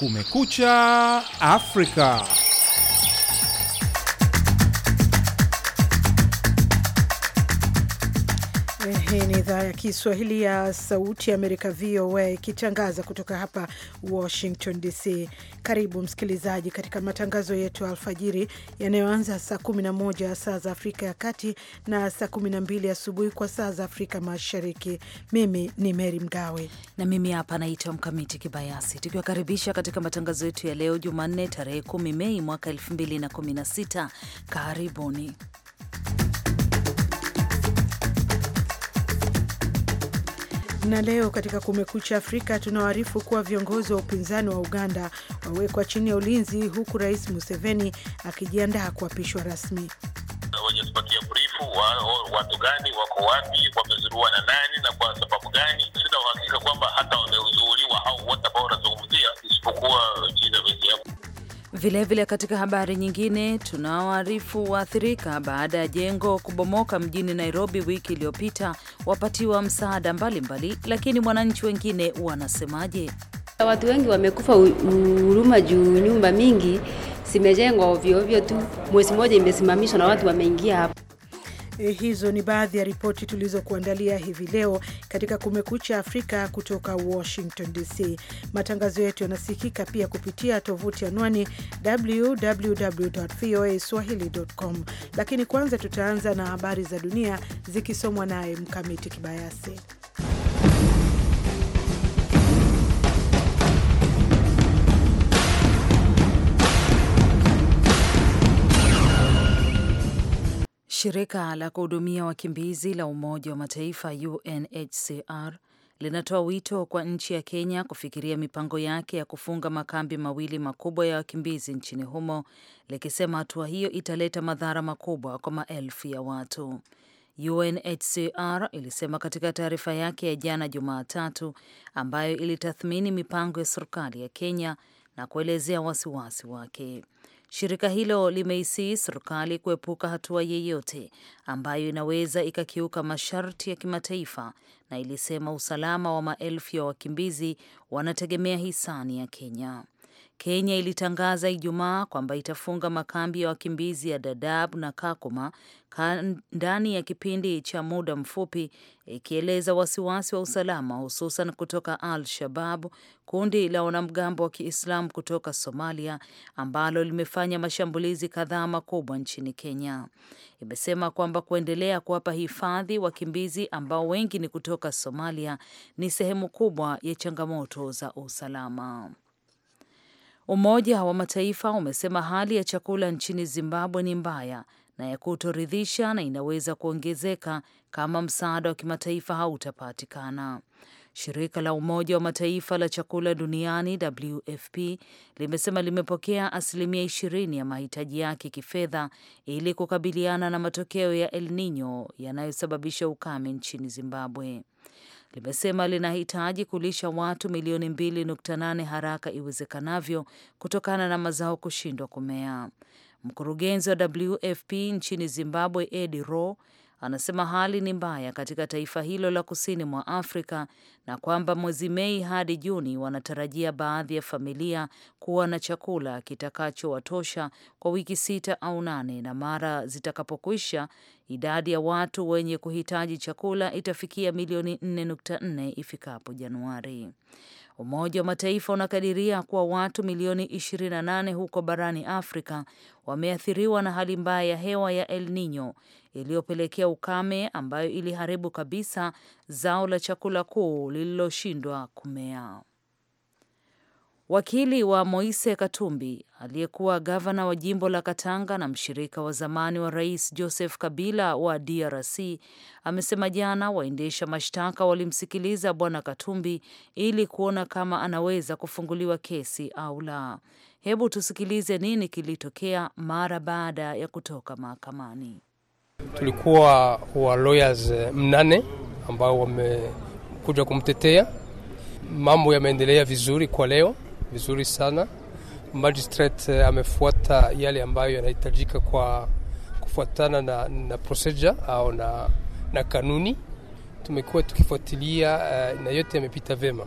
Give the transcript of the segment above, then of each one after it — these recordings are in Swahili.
Kumekucha Afrika. Hii ni idhaa ya Kiswahili ya Sauti ya Amerika, VOA, ikitangaza kutoka hapa Washington DC. Karibu msikilizaji katika matangazo yetu ya alfajiri yanayoanza saa 11 saa za Afrika ya Kati na saa 12 asubuhi kwa saa za Afrika Mashariki. Mimi ni Meri Mgawe na mimi hapa naitwa Mkamiti Kibayasi, tukiwakaribisha katika matangazo yetu ya leo Jumanne tarehe 10 Mei mwaka 2016. Karibuni. Na leo katika Kumekucha Afrika tunawaarifu kuwa viongozi wa upinzani wa Uganda wawekwa chini ya ulinzi, huku Rais Museveni akijiandaa kuapishwa rasmi. Wenye tupatia brifu wa, watu gani wako wapi, wamezurua na nani na kwa sababu gani? Sina uhakika kwamba Vilevile vile katika habari nyingine, tunawaarifu waathirika baada ya jengo kubomoka mjini Nairobi wiki iliyopita wapatiwa msaada mbalimbali, lakini mwananchi wengine wanasemaje? Watu wengi wamekufa huruma juu nyumba mingi zimejengwa ovyoovyo tu, mwezi mmoja imesimamishwa na watu wameingia hapo. Eh, hizo ni baadhi ya ripoti tulizokuandalia hivi leo katika Kumekucha Afrika kutoka Washington DC. Matangazo yetu yanasikika pia kupitia tovuti anwani www voa swahilicom lakini kwanza tutaanza na habari za dunia zikisomwa naye Mkamiti Kibayasi. Shirika la kuhudumia wakimbizi la Umoja wa Mataifa UNHCR linatoa wito kwa nchi ya Kenya kufikiria mipango yake ya kufunga makambi mawili makubwa ya wakimbizi nchini humo, likisema hatua hiyo italeta madhara makubwa kwa maelfu ya watu. UNHCR ilisema katika taarifa yake ya jana Jumatatu, ambayo ilitathmini mipango ya serikali ya Kenya na kuelezea wasiwasi wake. Shirika hilo limeisihi serikali kuepuka hatua yeyote ambayo inaweza ikakiuka masharti ya kimataifa, na ilisema usalama wa maelfu ya wakimbizi wanategemea hisani ya Kenya. Kenya ilitangaza Ijumaa kwamba itafunga makambi ya wakimbizi ya Dadaab na Kakuma ndani ya kipindi cha muda mfupi, ikieleza wasiwasi wa usalama hususan kutoka Al Shabab, kundi la wanamgambo wa Kiislamu kutoka Somalia ambalo limefanya mashambulizi kadhaa makubwa nchini Kenya. Imesema kwamba kuendelea kuwapa hifadhi wakimbizi ambao wengi ni kutoka Somalia ni sehemu kubwa ya changamoto za usalama. Umoja wa Mataifa umesema hali ya chakula nchini Zimbabwe ni mbaya na ya kutoridhisha na inaweza kuongezeka kama msaada wa kimataifa hautapatikana. Shirika la Umoja wa Mataifa la chakula duniani WFP limesema limepokea asilimia 20 ya mahitaji yake kifedha ili kukabiliana na matokeo ya El Nino yanayosababisha ukame nchini Zimbabwe limesema linahitaji kulisha watu milioni 2.8 haraka iwezekanavyo kutokana na mazao kushindwa kumea. Mkurugenzi wa WFP nchini Zimbabwe Eddie Rowe anasema hali ni mbaya katika taifa hilo la kusini mwa Afrika na kwamba mwezi Mei hadi Juni wanatarajia baadhi ya familia kuwa na chakula kitakachowatosha kwa wiki sita au nane, na mara zitakapokwisha idadi ya watu wenye kuhitaji chakula itafikia milioni 4.4 ifikapo Januari. Umoja wa Mataifa unakadiria kuwa watu milioni 28 huko barani Afrika wameathiriwa na hali mbaya ya hewa ya El Nino iliyopelekea ukame ambayo iliharibu kabisa zao la chakula kuu lililoshindwa kumea. Wakili wa Moise Katumbi aliyekuwa gavana wa jimbo la Katanga na mshirika wa zamani wa rais Joseph Kabila wa DRC amesema jana waendesha mashtaka walimsikiliza bwana Katumbi ili kuona kama anaweza kufunguliwa kesi au la. Hebu tusikilize nini kilitokea mara baada ya kutoka mahakamani. Tulikuwa wa lawyers eh, mnane ambao wamekuja kumtetea. Mambo yameendelea vizuri kwa leo vizuri sana. Magistrate eh, amefuata yale ambayo yanahitajika kwa kufuatana na, na procedure au na, na kanuni. Tumekuwa tukifuatilia uh, na yote yamepita vema.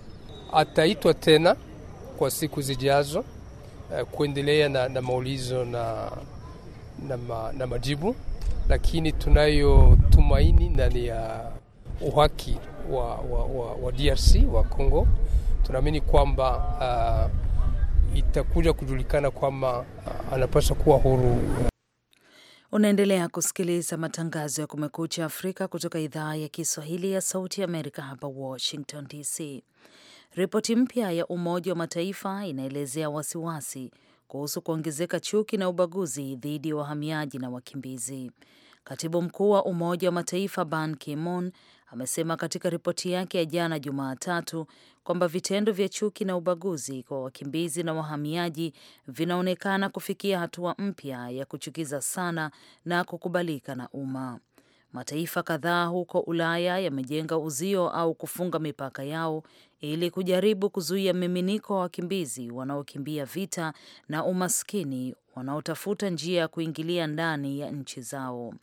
Ataitwa tena kwa siku zijazo uh, kuendelea na, na maulizo na, na, ma, na majibu, lakini tunayo tumaini ndani ya uhaki wa, wa, wa, wa DRC wa Congo tunaamini kwamba uh, itakuja kujulikana kwamba uh, anapaswa kuwa huru. Unaendelea kusikiliza matangazo ya Kumekucha Afrika kutoka idhaa ya Kiswahili ya Sauti ya Amerika hapa Washington DC. Ripoti mpya ya Umoja wa Mataifa inaelezea wasiwasi kuhusu kuongezeka chuki na ubaguzi dhidi ya wahamiaji na wakimbizi. Katibu mkuu wa Umoja wa Mataifa Ban Ki-moon amesema katika ripoti yake ya jana Jumatatu kwamba vitendo vya chuki na ubaguzi kwa wakimbizi na wahamiaji vinaonekana kufikia hatua mpya ya kuchukiza sana na kukubalika na umma. Mataifa kadhaa huko Ulaya yamejenga uzio au kufunga mipaka yao ili kujaribu kuzuia miminiko wa wakimbizi wanaokimbia vita na umaskini wanaotafuta njia ya kuingilia ndani ya nchi zao.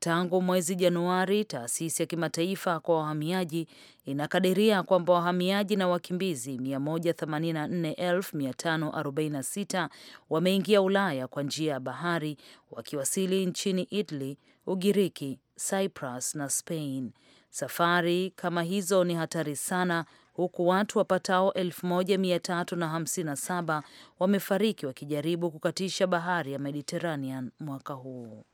Tangu mwezi Januari, taasisi ya kimataifa kwa wahamiaji inakadiria kwamba wahamiaji na wakimbizi 184,546 wameingia Ulaya kwa njia ya bahari wakiwasili nchini Italy, Ugiriki, Cyprus na Spain. Safari kama hizo ni hatari sana huku watu wapatao 1357 wamefariki wakijaribu kukatisha bahari ya Mediterranean mwaka huu.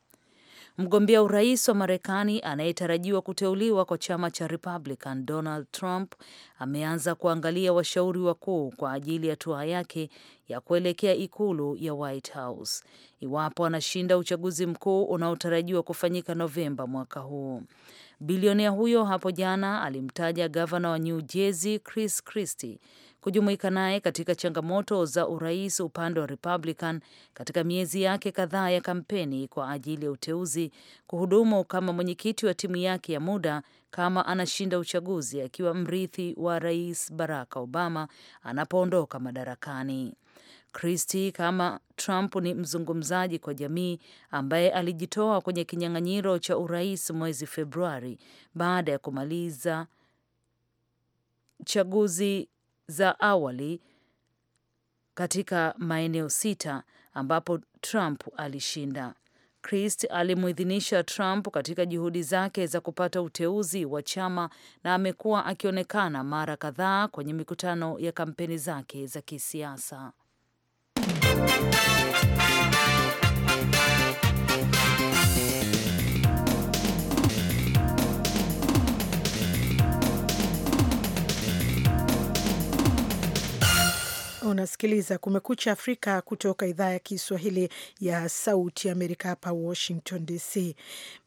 Mgombea urais wa Marekani anayetarajiwa kuteuliwa kwa chama cha Republican, Donald Trump ameanza kuangalia washauri wakuu kwa ajili ya hatua yake ya kuelekea ikulu ya White House iwapo anashinda uchaguzi mkuu unaotarajiwa kufanyika Novemba mwaka huu. Bilionea huyo hapo jana alimtaja gavana wa New Jersey Chris Christie kujumuika naye katika changamoto za urais upande wa Republican katika miezi yake kadhaa ya kampeni kwa ajili ya uteuzi kuhudumu kama mwenyekiti wa timu yake ya muda kama anashinda uchaguzi akiwa mrithi wa Rais Barack Obama anapoondoka madarakani. Christie kama Trump ni mzungumzaji kwa jamii ambaye alijitoa kwenye kinyang'anyiro cha urais mwezi Februari baada ya kumaliza chaguzi za awali katika maeneo sita ambapo Trump alishinda. crist alimuidhinisha Trump katika juhudi zake za kupata uteuzi wa chama na amekuwa akionekana mara kadhaa kwenye mikutano ya kampeni zake za kisiasa. Thank you. Unasikiliza Kumekucha Afrika kutoka idhaa ya Kiswahili ya Sauti Amerika, hapa Washington DC.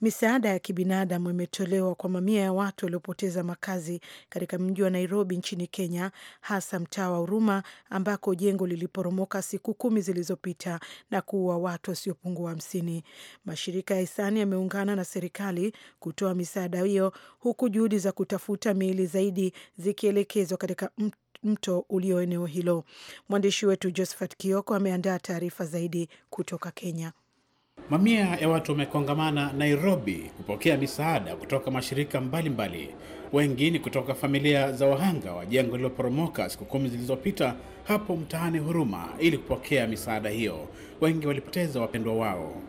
Misaada ya kibinadamu imetolewa kwa mamia ya watu waliopoteza makazi katika mji wa Nairobi nchini Kenya, hasa mtaa wa Huruma ambako jengo liliporomoka siku kumi zilizopita na kuua watu wasiopungua hamsini. Mashirika ya hisani yameungana na serikali kutoa misaada hiyo, huku juhudi za kutafuta miili zaidi zikielekezwa katika mto ulio eneo hilo. Mwandishi wetu Josephat Kioko ameandaa taarifa zaidi kutoka Kenya. Mamia ya watu wamekongamana Nairobi kupokea misaada kutoka mashirika mbalimbali, wengi ni kutoka familia za wahanga wa jengo lililoporomoka siku kumi zilizopita hapo mtaani Huruma, ili kupokea misaada hiyo. Wengi walipoteza wapendwa wao,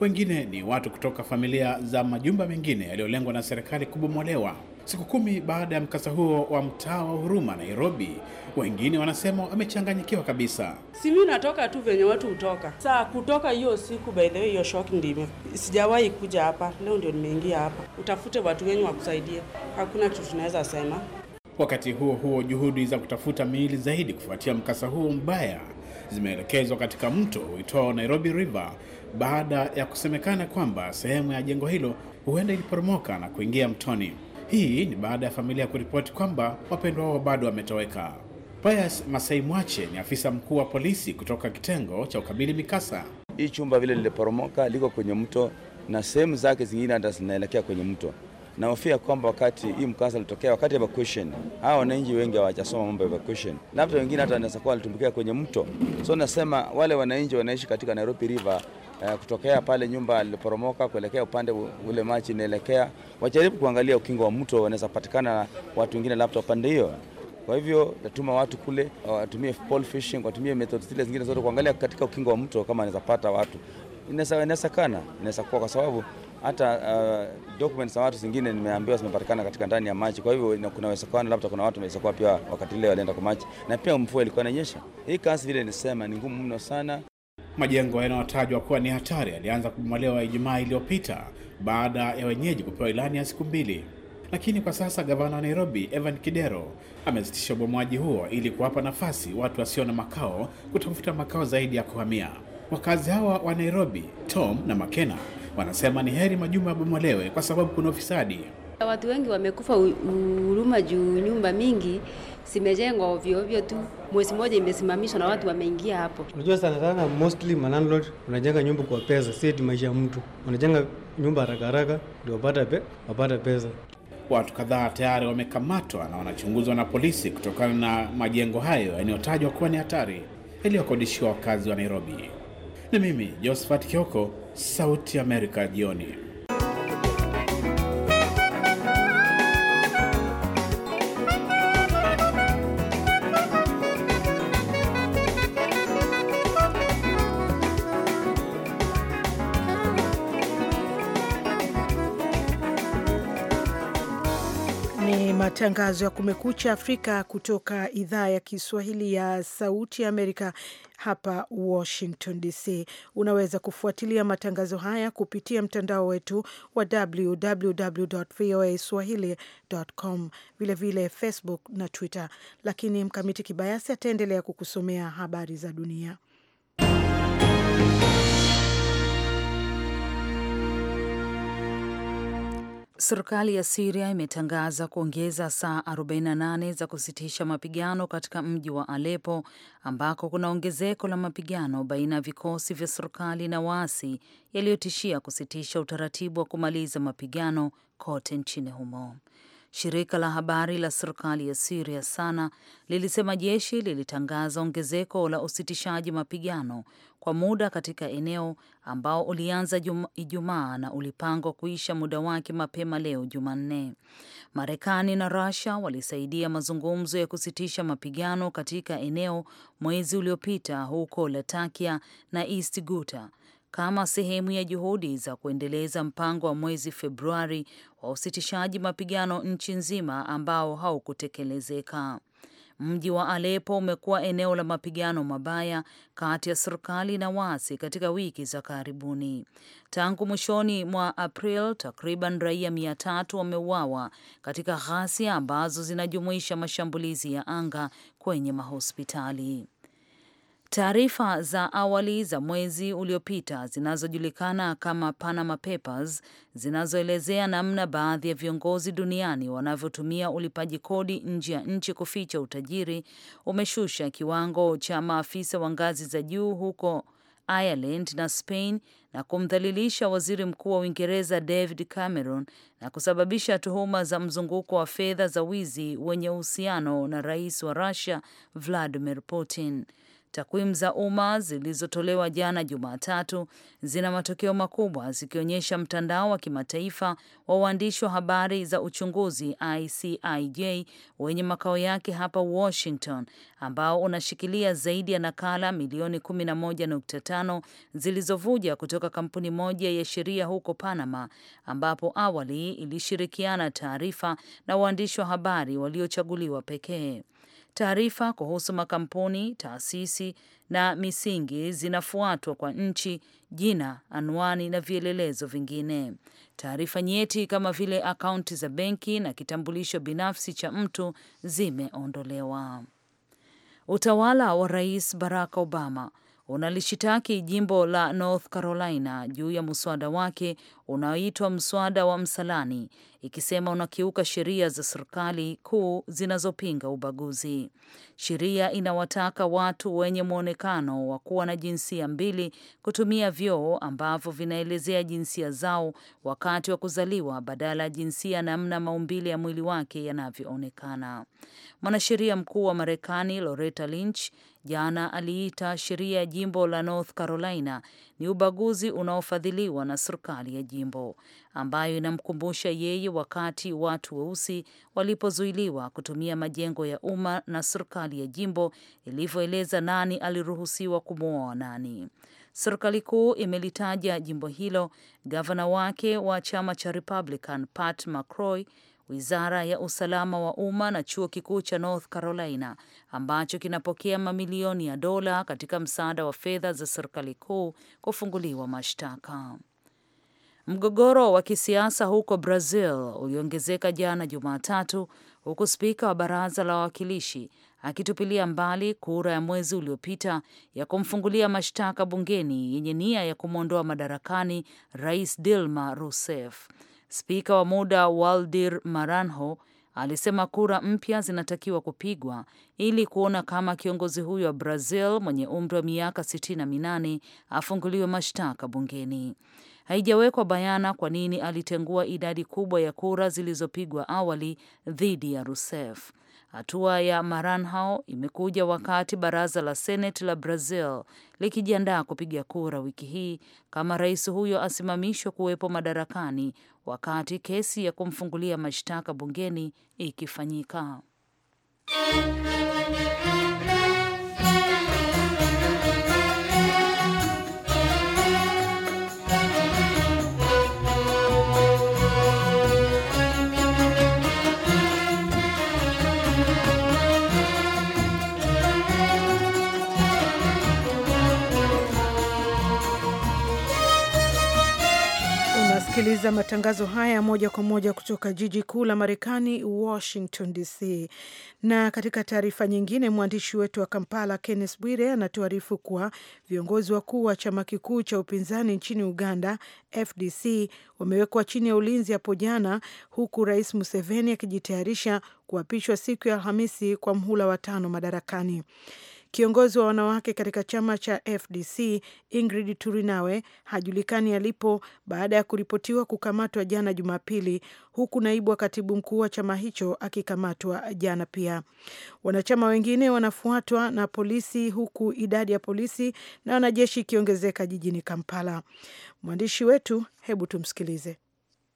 wengine ni watu kutoka familia za majumba mengine yaliyolengwa na serikali kubomolewa siku kumi baada ya mkasa huo wa mtaa wa Huruma Nairobi. Wengine wanasema amechanganyikiwa kabisa. Si mimi natoka tu venye watu hutoka. Saa kutoka hiyo siku, by the way, hiyo shock ndio sijawahi kuja hapa, leo ndio nimeingia hapa. Utafute watu wenye wakusaidie, hakuna kitu tunaweza sema. Wakati huo huo, juhudi za kutafuta miili zaidi kufuatia mkasa huo mbaya zimeelekezwa katika mto uitwao Nairobi River baada ya kusemekana kwamba sehemu ya jengo hilo huenda iliporomoka na kuingia mtoni. Hii ni baada ya familia ya kuripoti kwamba wapendwa wao bado wametoweka. Pius Masai Mwache ni afisa mkuu wa polisi kutoka kitengo cha ukabili mikasa. Hii chumba vile liliporomoka liko kwenye mto na sehemu zake zingine hata zinaelekea kwenye mto na Nahofia kwamba wakati hii mkasa ulitokea, wakati evacuation, hawa wananchi wengi hawajasoma mambo ya evacuation, labda wengine hata wanaweza kuwa walitumbukia kwenye mto. So nasema wale wananchi wanaishi katika Nairobi River Uh, kutokea pale nyumba iliporomoka kuelekea upande ule maji inaelekea, wajaribu kuangalia ukingo wa mto, wanaweza patikana watu wengine labda upande hiyo. Kwa hivyo natuma watu kule watumie pole fishing, watumie methods zile zingine zote kuangalia katika ukingo wa mto kama anaweza pata watu. Inawezekana, inaweza kuwa kwa sababu hata uh, documents za watu zingine nimeambiwa zimepatikana katika ndani ya maji. Kwa hivyo kuna uwezekano labda kuna watu wameweza kuwa pia wakati ile walienda kwa maji, na pia mvua ilikuwa inanyesha. Hii kazi vile nisema ni ngumu mno sana. Majengo yanayotajwa kuwa ni hatari yalianza kubomolewa Ijumaa iliyopita baada ya wenyeji kupewa ilani ya siku mbili, lakini kwa sasa gavana wa Nairobi Evan Kidero amesitisha ubomoaji huo ili kuwapa nafasi watu wasio na makao kutafuta makao zaidi ya kuhamia. Wakazi hawa wa Nairobi, Tom na Makena wanasema ni heri majumba yabomolewe kwa sababu kuna ufisadi. Watu wengi wamekufa huruma juu nyumba mingi zimejengwa ovyo ovyo tu, mwezi mmoja imesimamishwa na watu wameingia hapo. Unajua, sana sana mostly manlord unajenga nyumba kwa pesa, si eti maisha ya mtu. Unajenga nyumba haraka haraka ndio wapata pe, wapata pesa. Watu kadhaa tayari wamekamatwa na wanachunguzwa na polisi kutokana na majengo hayo yanayotajwa kuwa ni hatari, iliyokodishiwa wakazi wa Nairobi. Ni mimi Josephat Kioko. Sauti Amerika jioni. matangazo ya Kumekucha Afrika kutoka idhaa ya Kiswahili ya Sauti ya Amerika hapa Washington DC. Unaweza kufuatilia matangazo haya kupitia mtandao wetu wa www voa swahilicom vilevile Facebook na Twitter. Lakini Mkamiti Kibayasi ataendelea kukusomea habari za dunia. Serikali ya Siria imetangaza kuongeza saa 48 za kusitisha mapigano katika mji wa Alepo ambako kuna ongezeko la mapigano baina ya vikosi vya serikali na waasi yaliyotishia kusitisha utaratibu wa kumaliza mapigano kote nchini humo. Shirika la habari la serikali ya Siria SANA lilisema jeshi lilitangaza ongezeko la usitishaji mapigano kwa muda katika eneo ambao ulianza Ijumaa na ulipangwa kuisha muda wake mapema leo Jumanne. Marekani na Russia walisaidia mazungumzo ya kusitisha mapigano katika eneo mwezi uliopita huko Latakia na East Ghouta kama sehemu ya juhudi za kuendeleza mpango wa mwezi Februari wa usitishaji mapigano nchi nzima ambao haukutekelezeka. Mji wa Alepo umekuwa eneo la mapigano mabaya kati ya serikali na waasi katika wiki za karibuni. Tangu mwishoni mwa April, takriban raia mia tatu wameuawa katika ghasia ambazo zinajumuisha mashambulizi ya anga kwenye mahospitali. Taarifa za awali za mwezi uliopita zinazojulikana kama Panama Papers zinazoelezea namna baadhi ya viongozi duniani wanavyotumia ulipaji kodi nje ya nchi kuficha utajiri umeshusha kiwango cha maafisa wa ngazi za juu huko Ireland na Spain na kumdhalilisha Waziri Mkuu wa Uingereza David Cameron na kusababisha tuhuma za mzunguko wa fedha za wizi wenye uhusiano na Rais wa Russia Vladimir Putin. Takwimu za umma zilizotolewa jana Jumatatu zina matokeo makubwa zikionyesha mtandao wa kimataifa wa waandishi wa habari za uchunguzi ICIJ wenye makao yake hapa Washington, ambao unashikilia zaidi ya nakala milioni 11.5 zilizovuja kutoka kampuni moja ya sheria huko Panama, ambapo awali ilishirikiana taarifa na waandishi wa habari waliochaguliwa pekee taarifa kuhusu makampuni, taasisi na misingi zinafuatwa kwa nchi, jina, anwani na vielelezo vingine. Taarifa nyeti kama vile akaunti za benki na kitambulisho binafsi cha mtu zimeondolewa. Utawala wa Rais Barack Obama unalishitaki jimbo la North Carolina juu ya mswada wake unaoitwa mswada wa msalani, ikisema unakiuka sheria za serikali kuu zinazopinga ubaguzi. Sheria inawataka watu wenye mwonekano wa kuwa na jinsia mbili kutumia vyoo ambavyo vinaelezea jinsia zao wakati wa kuzaliwa badala ya jinsia namna maumbile ya mwili wake yanavyoonekana. Mwanasheria mkuu wa Marekani Loretta Lynch jana aliita sheria ya jimbo la North Carolina ni ubaguzi unaofadhiliwa na serikali ya jimbo, ambayo inamkumbusha yeye wakati watu weusi walipozuiliwa kutumia majengo ya umma na serikali ya jimbo ilivyoeleza nani aliruhusiwa kumwoa nani. Serikali kuu imelitaja jimbo hilo, gavana wake wa chama cha Republican Pat McCrory Wizara ya usalama wa umma na chuo kikuu cha North Carolina ambacho kinapokea mamilioni ya dola katika msaada wa fedha za serikali kuu kufunguliwa mashtaka. Mgogoro wa kisiasa huko Brazil uliongezeka jana Jumatatu, huku spika wa baraza la wawakilishi akitupilia mbali kura ya mwezi uliopita ya kumfungulia mashtaka bungeni yenye nia ya kumwondoa madarakani rais Dilma Rousseff. Spika wa muda Waldir Maranho alisema kura mpya zinatakiwa kupigwa ili kuona kama kiongozi huyo wa Brazil mwenye umri wa miaka na minane afunguliwe mashtaka bungeni. Haijawekwa bayana kwa nini alitengua idadi kubwa ya kura zilizopigwa awali dhidi ya Rousseff. Hatua ya Maranhao imekuja wakati baraza la seneti la Brazil likijiandaa kupiga kura wiki hii kama rais huyo asimamishwe kuwepo madarakani, wakati kesi ya kumfungulia mashtaka bungeni ikifanyika. unasikiliza matangazo haya moja kwa moja kutoka jiji kuu la Marekani, Washington DC. Na katika taarifa nyingine, mwandishi wetu wa Kampala, Kenneth Bwire, anatuarifu kuwa viongozi wakuu wa chama kikuu cha upinzani nchini Uganda, FDC, wamewekwa chini ya ulinzi hapo jana, huku Rais Museveni akijitayarisha kuapishwa siku ya Alhamisi kwa mhula wa tano madarakani. Kiongozi wa wanawake katika chama cha FDC Ingrid Turinawe hajulikani alipo baada ya kuripotiwa kukamatwa jana Jumapili, huku naibu wa katibu mkuu wa chama hicho akikamatwa jana pia. Wanachama wengine wanafuatwa na polisi, huku idadi ya polisi na wanajeshi ikiongezeka jijini Kampala. Mwandishi wetu, hebu tumsikilize.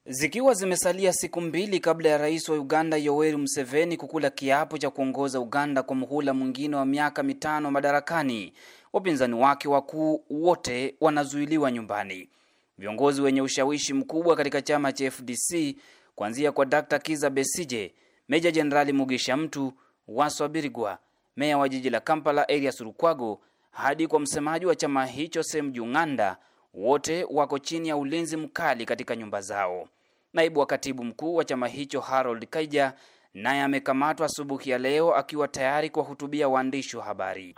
Zikiwa zimesalia siku mbili kabla ya rais wa Uganda Yoweri Museveni kukula kiapo cha kuongoza Uganda kwa muhula mwingine wa miaka mitano madarakani, wapinzani wake wakuu wote wanazuiliwa nyumbani. Viongozi wenye ushawishi mkubwa katika chama cha FDC kuanzia kwa Dr. Kiza Besije, Meja Jenerali Mugisha Mtu, waswa Birigwa, meya wa jiji la Kampala Erias Lukwago, hadi kwa msemaji wa chama hicho Sem Jung'anda wote wako chini ya ulinzi mkali katika nyumba zao. Naibu wa katibu mkuu wa chama hicho Harold Kaija naye amekamatwa asubuhi ya leo akiwa tayari kuwahutubia waandishi wa habari.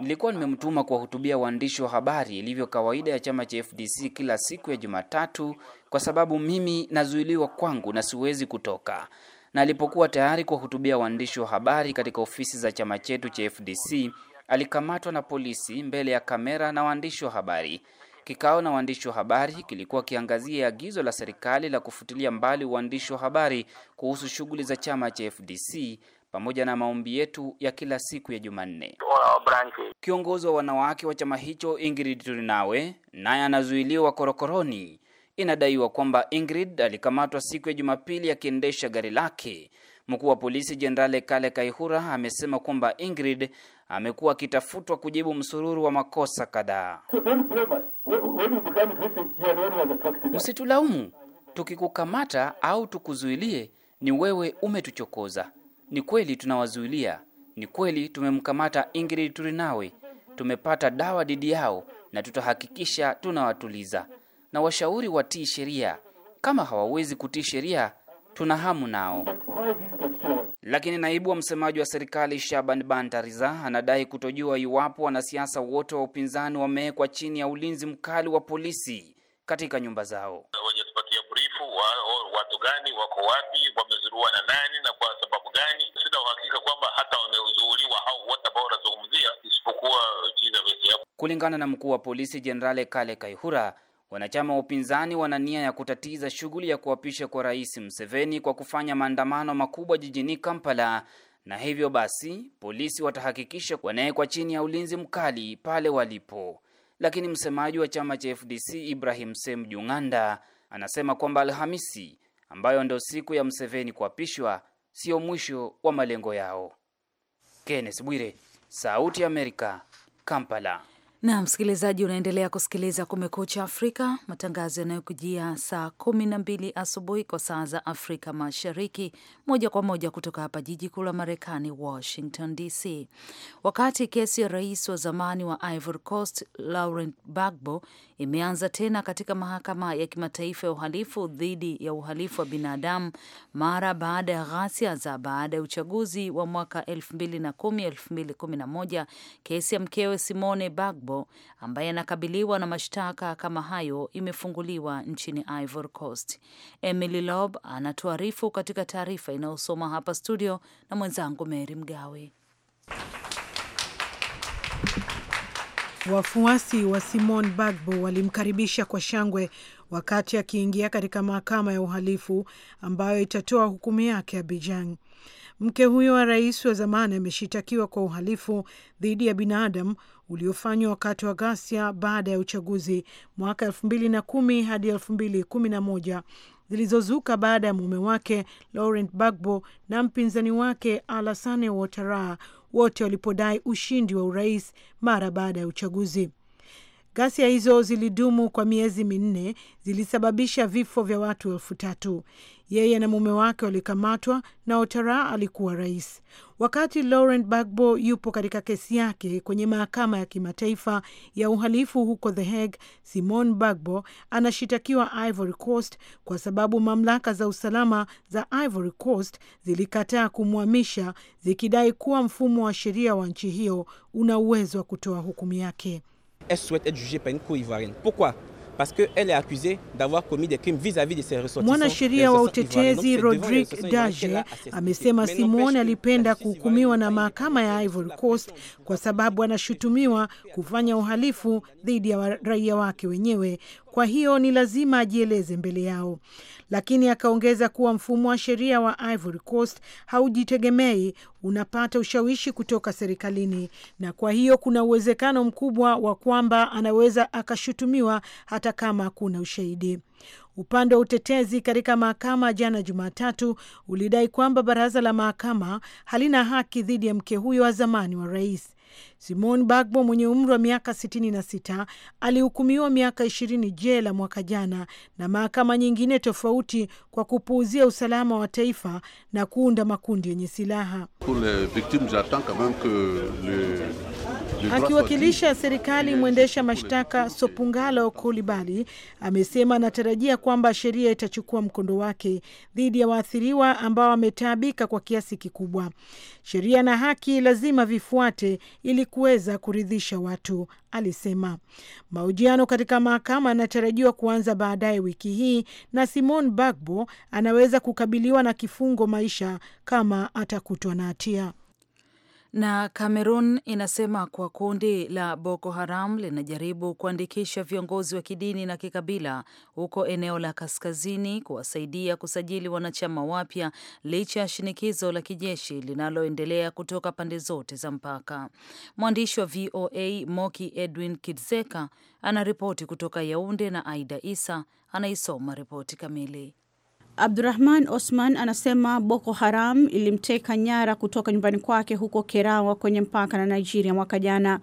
Nilikuwa nimemtuma kuwahutubia waandishi wa habari ilivyo kawaida ya chama cha FDC kila siku ya Jumatatu, kwa sababu mimi nazuiliwa kwangu na siwezi kutoka na alipokuwa tayari kuwahutubia waandishi wa habari katika ofisi za chama chetu cha FDC alikamatwa na polisi mbele ya kamera na waandishi wa habari. Kikao na waandishi wa habari kilikuwa kiangazia agizo la serikali la kufutilia mbali uandishi wa habari kuhusu shughuli za chama cha FDC pamoja na maombi yetu ya kila siku ya Jumanne. Kiongozi wa wanawake wa chama hicho Ingrid Turinawe naye anazuiliwa korokoroni. Inadaiwa kwamba Ingrid alikamatwa siku ya Jumapili akiendesha gari lake. Mkuu wa polisi Jenerali Kale Kaihura amesema kwamba Ingrid amekuwa akitafutwa kujibu msururu wa makosa kadhaa. usitulaumu tukikukamata au tukuzuilie, ni wewe umetuchokoza. Ni kweli tunawazuilia, ni kweli tumemkamata Ingrid Turinawe, tumepata dawa dhidi yao na tutahakikisha tunawatuliza na washauri watii sheria. Kama hawawezi kutii sheria, tuna hamu nao. Lakini naibu wa msemaji wa serikali Shaban Bantariza anadai kutojua iwapo wanasiasa wote wa upinzani wamewekwa chini ya ulinzi mkali wa polisi katika nyumba zao. Wajatupatia brifu wa, watu gani wako wapi, wamezurua na nani na kwa sababu gani? Sina uhakika kwamba hata wamezuuliwa au wote ambao wanazungumzia isipokuwa. Kulingana na mkuu wa polisi Jenerali Kale Kaihura Wanachama wa upinzani wana nia ya kutatiza shughuli ya kuapisha kwa Rais mseveni kwa kufanya maandamano makubwa jijini Kampala na hivyo basi polisi watahakikisha wanawekwa chini ya ulinzi mkali pale walipo. Lakini msemaji wa chama cha FDC Ibrahim Sem Jung'anda anasema kwamba Alhamisi ambayo ndio siku ya Mseveni kuapishwa sio mwisho wa malengo yao. Kenneth Bwire, Sauti ya Amerika, Kampala na msikilizaji, unaendelea kusikiliza Kumekucha Afrika, matangazo yanayokujia saa kumi na mbili asubuhi kwa saa za Afrika Mashariki, moja kwa moja kutoka hapa jiji kuu la Marekani, Washington DC. Wakati kesi ya rais wa zamani wa Ivory Coast Laurent Gbagbo imeanza tena katika mahakama ya kimataifa ya uhalifu dhidi ya uhalifu wa binadamu mara baada ya ghasia za baada ya uchaguzi wa mwaka 2010 2011, kesi ya mkewe Simone Gbagbo Gbagbo ambaye anakabiliwa na mashtaka kama hayo imefunguliwa nchini Ivory Coast. Emily Lob anatuarifu katika taarifa inayosoma hapa studio na mwenzangu Mary Mgawe. Wafuasi wa Simon Bagbo walimkaribisha kwa shangwe wakati akiingia katika mahakama ya uhalifu ambayo itatoa hukumu yake Abidjan. Mke huyo wa rais wa zamani ameshitakiwa kwa uhalifu dhidi ya binadamu uliofanywa wakati wa ghasia baada ya uchaguzi mwaka elfu mbili na kumi hadi elfu mbili kumi na moja zilizozuka baada ya mume wake Laurent bagbo na mpinzani wake Alassane Ouattara wote walipodai ushindi wa urais mara baada ya uchaguzi. Ghasia hizo zilidumu kwa miezi minne, zilisababisha vifo vya watu elfu tatu. Yeye na mume wake walikamatwa na otara alikuwa rais. Wakati Laurent bagbo yupo katika kesi yake kwenye mahakama ya kimataifa ya uhalifu huko The Hague, Simon bagbo anashitakiwa Ivory Coast kwa sababu mamlaka za usalama za Ivory Coast zilikataa kumhamisha zikidai kuwa mfumo wa sheria wa nchi hiyo una uwezo wa kutoa hukumu yake parce qu'elle est accusée d'avoir commis des crimes vis-à-vis de ses ressortissants. Mwanasheria wa utetezi Rodrigue Dage amesema Simone alipenda kuhukumiwa na mahakama ya Ivory Coast kwa sababu anashutumiwa kufanya uhalifu dhidi ya raia wake wenyewe kwa hiyo ni lazima ajieleze mbele yao. Lakini akaongeza kuwa mfumo wa sheria wa Ivory Coast haujitegemei, unapata ushawishi kutoka serikalini, na kwa hiyo kuna uwezekano mkubwa wa kwamba anaweza akashutumiwa hata kama hakuna ushahidi. Upande wa utetezi katika mahakama jana Jumatatu ulidai kwamba baraza la mahakama halina haki dhidi ya mke huyo wa zamani wa rais. Simon Bagbo mwenye umri wa miaka 66 alihukumiwa miaka 20 jela mwaka jana na mahakama nyingine tofauti kwa kupuuzia usalama wa taifa na kuunda makundi yenye silaha. Akiwakilisha serikali, mwendesha mashtaka Sopungalo Kulibali amesema anatarajia kwamba sheria itachukua mkondo wake dhidi ya waathiriwa ambao wametaabika kwa kiasi kikubwa. Sheria na haki lazima vifuate ili kuweza kuridhisha watu, alisema. Mahojiano katika mahakama yanatarajiwa kuanza baadaye wiki hii, na Simon Bagbo anaweza kukabiliwa na kifungo maisha kama atakutwa na hatia. Na Cameroon inasema kuwa kundi la Boko Haram linajaribu kuandikisha viongozi wa kidini na kikabila huko eneo la kaskazini kuwasaidia kusajili wanachama wapya licha ya shinikizo la kijeshi linaloendelea kutoka pande zote za mpaka. Mwandishi wa VOA Moki Edwin Kidzeka anaripoti kutoka Yaunde na Aida Isa anaisoma ripoti kamili. Abdurahman Osman anasema Boko Haram ilimteka nyara kutoka nyumbani kwake huko Kerawa kwenye mpaka na Nigeria mwaka jana.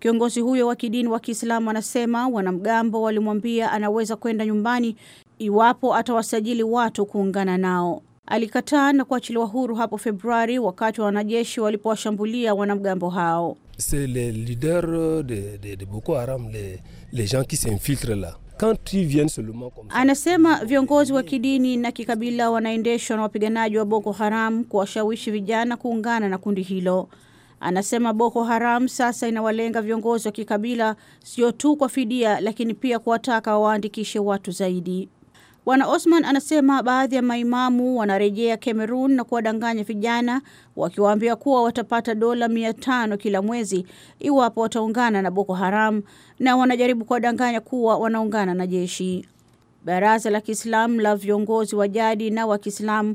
Kiongozi huyo wa kidini wa Kiislamu anasema wanamgambo walimwambia anaweza kwenda nyumbani iwapo atawasajili watu kuungana nao. Alikataa na kuachiliwa huru hapo Februari wakati wa wanajeshi walipowashambulia wanamgambo hao. C'est les leaders de, de, de Boko Haram les, les gens qui s'infiltrent là Anasema viongozi wa kidini na kikabila wanaendeshwa na wapiganaji wa Boko Haram kuwashawishi vijana kuungana na kundi hilo. Anasema Boko Haram sasa inawalenga viongozi wa kikabila sio tu kwa fidia, lakini pia kuwataka waandikishe watu zaidi. Bwana Osman anasema baadhi ya maimamu wanarejea Cameroon na kuwadanganya vijana wakiwaambia kuwa watapata dola mia tano kila mwezi iwapo wataungana na Boko Haram na wanajaribu kuwadanganya kuwa wanaungana na jeshi. Baraza la Kiislamu la viongozi wa jadi na wa Kiislamu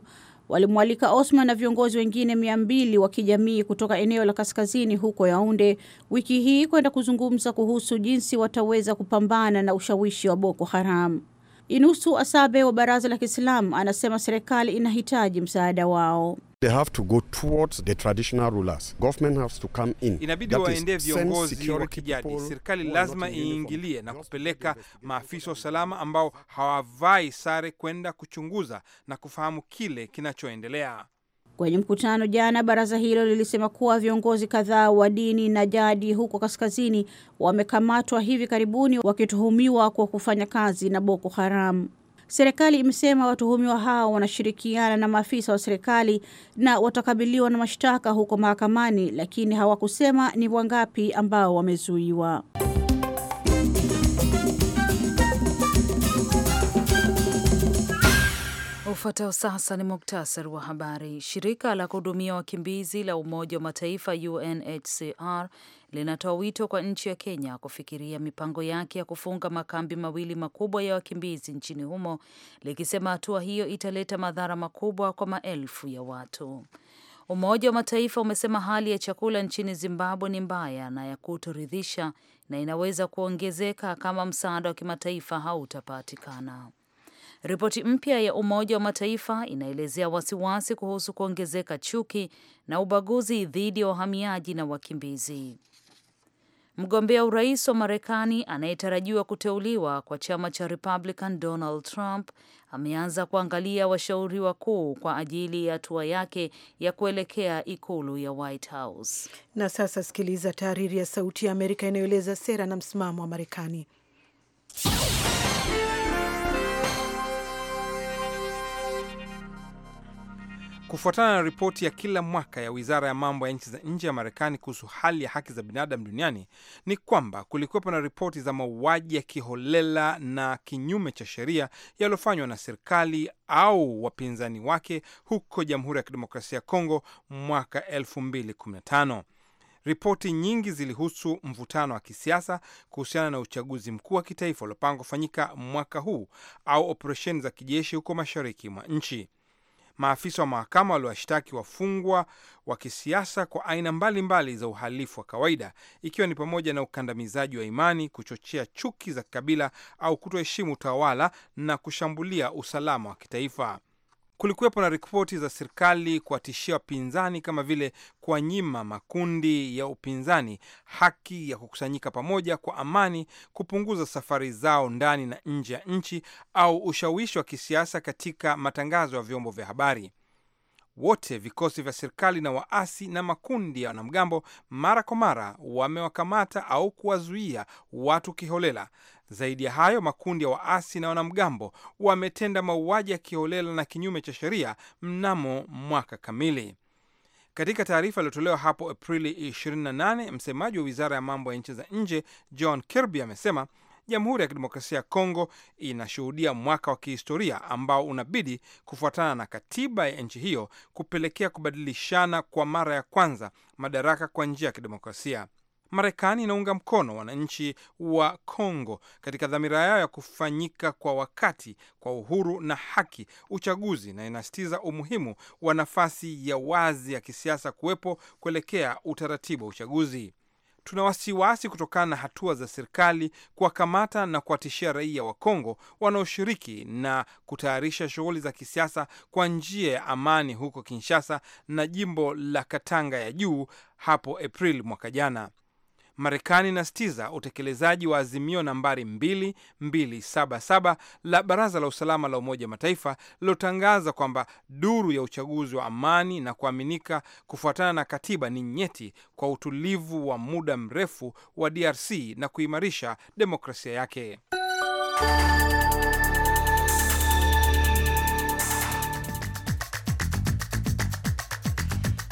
walimwalika Osman na viongozi wengine mia mbili wa kijamii kutoka eneo la kaskazini huko Yaunde wiki hii kwenda kuzungumza kuhusu jinsi wataweza kupambana na ushawishi wa Boko Haram. Inusu Asabe wa Baraza la Kiislamu anasema serikali inahitaji msaada wao. They have to go towards the traditional rulers. Government has to come in. Inabidi waendee viongozi wa kijadi. Serikali lazima iingilie na kupeleka maafisa wa usalama ambao hawavai sare kwenda kuchunguza na kufahamu kile kinachoendelea. Kwenye mkutano jana, baraza hilo lilisema kuwa viongozi kadhaa wa dini na jadi huko kaskazini wamekamatwa hivi karibuni wakituhumiwa kwa kufanya kazi na Boko Haram. Serikali imesema watuhumiwa hao wanashirikiana na maafisa wa serikali na watakabiliwa na mashtaka huko mahakamani, lakini hawakusema ni wangapi ambao wamezuiwa. Ufuatao sasa ni muktasari wa habari. Shirika la kuhudumia wakimbizi la Umoja wa Mataifa, UNHCR, linatoa wito kwa nchi ya Kenya kufikiria mipango yake ya kufunga makambi mawili makubwa ya wakimbizi nchini humo, likisema hatua hiyo italeta madhara makubwa kwa maelfu ya watu. Umoja wa Mataifa umesema hali ya chakula nchini Zimbabwe ni mbaya na ya kutoridhisha na inaweza kuongezeka kama msaada wa kimataifa hautapatikana. Ripoti mpya ya Umoja wa Mataifa inaelezea wasiwasi kuhusu kuongezeka chuki na ubaguzi dhidi ya wahamiaji na wakimbizi. Mgombea urais wa Marekani anayetarajiwa kuteuliwa kwa chama cha Republican, Donald Trump ameanza kuangalia washauri wakuu kwa ajili ya hatua yake ya kuelekea ikulu ya White House. Na sasa sikiliza tahariri ya Sauti ya Amerika inayoeleza sera na msimamo wa Marekani. Kufuatana na ripoti ya kila mwaka ya wizara ya mambo ya nchi za nje ya Marekani kuhusu hali ya haki za binadamu duniani ni kwamba kulikuwepo na ripoti za mauaji ya kiholela na kinyume cha sheria yaliyofanywa na serikali au wapinzani wake huko Jamhuri ya Kidemokrasia ya Kongo mwaka 2015. Ripoti nyingi zilihusu mvutano wa kisiasa kuhusiana na uchaguzi mkuu wa kitaifa uliopangwa kufanyika mwaka huu au operesheni za kijeshi huko mashariki mwa nchi maafisa wa mahakama waliwashtaki wafungwa wa kisiasa kwa aina mbalimbali mbali za uhalifu wa kawaida, ikiwa ni pamoja na ukandamizaji wa imani, kuchochea chuki za kikabila au kutoheshimu utawala na kushambulia usalama wa kitaifa. Kulikuwepo na ripoti za serikali kuwatishia wapinzani kama vile kuwanyima makundi ya upinzani haki ya kukusanyika pamoja kwa amani, kupunguza safari zao ndani na nje ya nchi, au ushawishi wa kisiasa katika matangazo ya vyombo vya habari. Wote vikosi vya serikali na waasi na makundi ya wanamgambo mara kwa mara wamewakamata au kuwazuia watu kiholela, zaidi ya hayo, makundi ya waasi na wanamgambo wametenda mauaji ya kiholela na kinyume cha sheria mnamo mwaka kamili. Katika taarifa iliyotolewa hapo Aprili 28, msemaji wa wizara ya mambo ya nchi za nje John Kirby amesema Jamhuri ya Kidemokrasia ya Kongo inashuhudia mwaka wa kihistoria ambao unabidi kufuatana na katiba ya nchi hiyo kupelekea kubadilishana kwa mara ya kwanza madaraka kwa njia ya kidemokrasia. Marekani inaunga mkono wananchi wa Kongo katika dhamira yao ya kufanyika kwa wakati kwa uhuru na haki uchaguzi na inasitiza umuhimu wa nafasi ya wazi ya kisiasa kuwepo kuelekea utaratibu wa uchaguzi. Tuna wasiwasi kutokana na hatua za serikali kuwakamata na kuwatishia raia wa Kongo wanaoshiriki na kutayarisha shughuli za kisiasa kwa njia ya amani huko Kinshasa na jimbo la Katanga ya juu hapo Aprili mwaka jana. Marekani inasitiza utekelezaji wa azimio nambari 2277 la Baraza la Usalama la Umoja wa Mataifa lilotangaza kwamba duru ya uchaguzi wa amani na kuaminika kufuatana na katiba ni nyeti kwa utulivu wa muda mrefu wa DRC na kuimarisha demokrasia yake.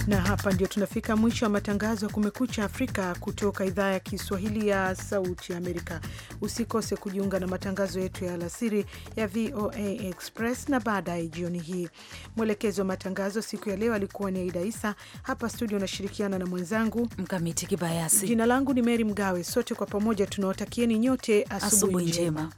Na hapa ndio tunafika mwisho wa matangazo ya Kumekucha Afrika kutoka idhaa ya Kiswahili ya Sauti ya Amerika. Usikose kujiunga na matangazo yetu ya alasiri ya VOA Express na baadaye jioni hii. Mwelekezi wa matangazo siku ya leo alikuwa ni Aida Isa. Hapa studio unashirikiana na mwenzangu Mkamiti Kibayasi. Jina langu ni Meri Mgawe. Sote kwa pamoja tunawatakieni nyote asubuhi njema.